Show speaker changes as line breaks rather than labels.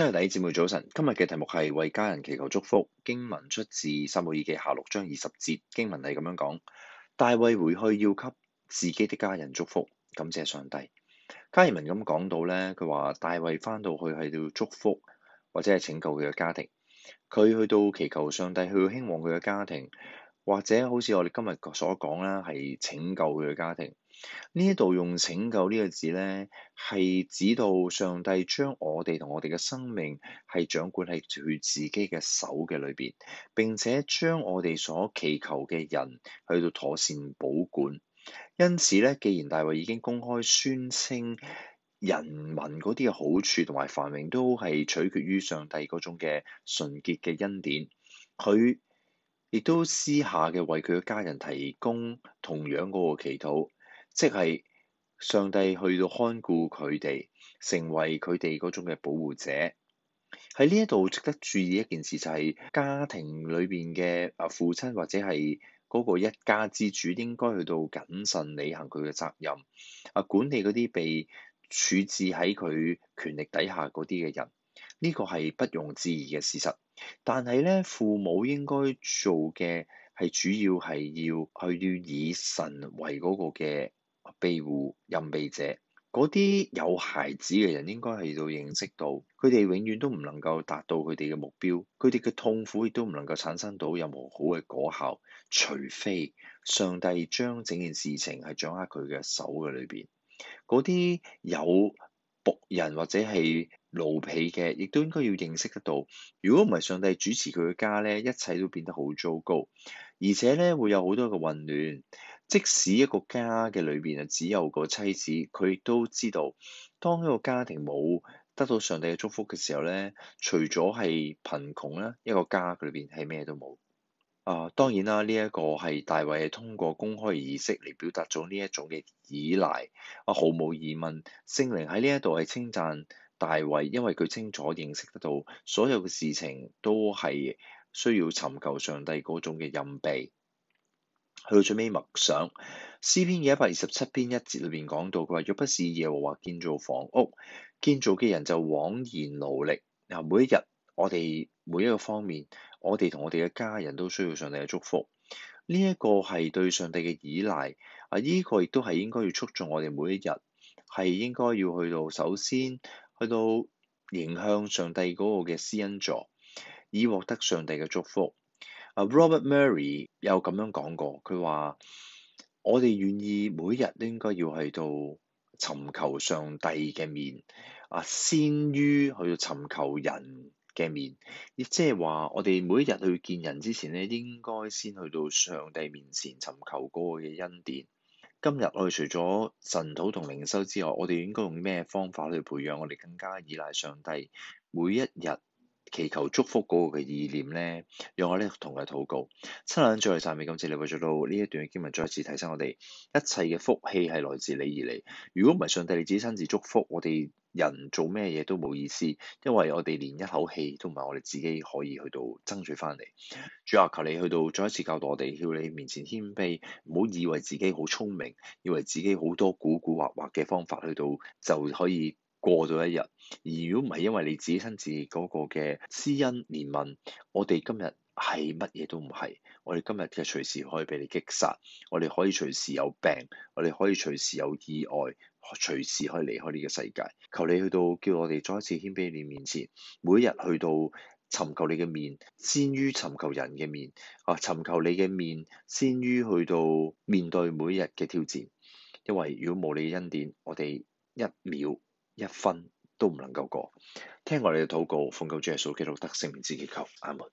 真係，弟兄姊妹早晨。今日嘅題目係為家人祈求祝福。經文出自《撒母耳記》下六章二十節。經文係咁樣講：大衛回去要給自己的家人祝福，感謝上帝。加爾文咁講到咧，佢話大衛翻到去係要祝福，或者係拯救佢嘅家庭。佢去到祈求上帝，去興旺佢嘅家庭。或者好似我哋今日所講啦，係拯救佢嘅家庭。呢一度用拯救呢個字咧，係指到上帝將我哋同我哋嘅生命係掌管喺佢自己嘅手嘅裏邊，並且將我哋所祈求嘅人去到妥善保管。因此咧，既然大衛已經公開宣稱，人民嗰啲嘅好處同埋繁榮都係取決於上帝嗰種嘅純潔嘅恩典，佢亦都私下嘅為佢嘅家人提供同樣嗰個祈禱，即係上帝去到看顧佢哋，成為佢哋嗰種嘅保護者。喺呢一度值得注意一件事就係家庭裏邊嘅啊父親或者係嗰個一家之主應該去到謹慎履行佢嘅責任，啊管理嗰啲被處置喺佢權力底下嗰啲嘅人。呢個係不容置疑嘅事實，但係咧，父母應該做嘅係主要係要，佢要以神為嗰個嘅庇護任庇者。嗰啲有孩子嘅人應該係度認識到，佢哋永遠都唔能夠達到佢哋嘅目標，佢哋嘅痛苦亦都唔能夠產生到任何好嘅果效，除非上帝將整件事情係掌握佢嘅手嘅裏邊。嗰啲有僕人或者係，奴婢嘅，亦都應該要認識得到。如果唔係上帝主持佢嘅家咧，一切都變得好糟糕，而且咧會有好多嘅混亂。即使一個家嘅裏邊啊，只有個妻子，佢都知道當一個家庭冇得到上帝嘅祝福嘅時候咧，除咗係貧窮啦，一個家裏邊係咩都冇啊。當然啦，呢一個係大衛係通過公開嘅儀式嚟表達咗呢一種嘅依賴啊，毫無疑問聖靈喺呢一度係稱讚。大衛因為佢清楚認識得到所有嘅事情都係需要尋求上帝嗰種嘅恩庇，去到最尾默想詩篇嘅一百二十七篇一節裏邊講到，佢話若不是耶和華建造房屋，建造嘅人就枉然勞力。嗱，每一日我哋每一個方面，我哋同我哋嘅家人都需要上帝嘅祝福，呢一個係對上帝嘅依賴啊！呢個亦都係應該要促進我哋每一日係應該要去到首先。去到迎向上帝嗰個嘅施恩座，以獲得上帝嘅祝福。啊，Robert Murray 有咁樣講過，佢話，我哋願意每日都應該要去到尋求上帝嘅面，啊，先於去到尋求人嘅面。亦即係話，我哋每一日去見人之前咧，應該先去到上帝面前尋求嗰個嘅恩典。今日我哋除咗晨禱同靈修之外，我哋應該用咩方法去培養我哋更加依賴上帝每一日祈求祝福嗰個嘅意念咧，讓我咧同佢禱告。親，兩再嚟讚美，感謝你為咗到呢一段嘅經文，再一次提醒我哋，一切嘅福氣係來自你而嚟。如果唔係上帝你自己親自祝福，我哋人做咩嘢都冇意思，因為我哋連一口氣都唔係我哋自己可以去到爭取翻嚟。主啊，求你去到再一次教導我哋，要你面前謙卑，唔好以為自己好聰明，以為自己好多古古惑惑嘅方法去到就可以。過咗一日，而如果唔係因為你自己親自嗰個嘅施恩憐憫，我哋今日係乜嘢都唔係。我哋今日就隨時可以被你擊殺，我哋可以隨時有病，我哋可以隨時有意外，隨時可以離開呢個世界。求你去到叫我哋再一次謙卑喺你面前，每日去到尋求你嘅面，先於尋求人嘅面。啊，尋求你嘅面，先於去到面對每日嘅挑戰。因為如果冇你恩典，我哋一秒，一分都唔能夠過，聽我哋嘅禱告，奉救主耶穌基督得聖名之祈求，阿門。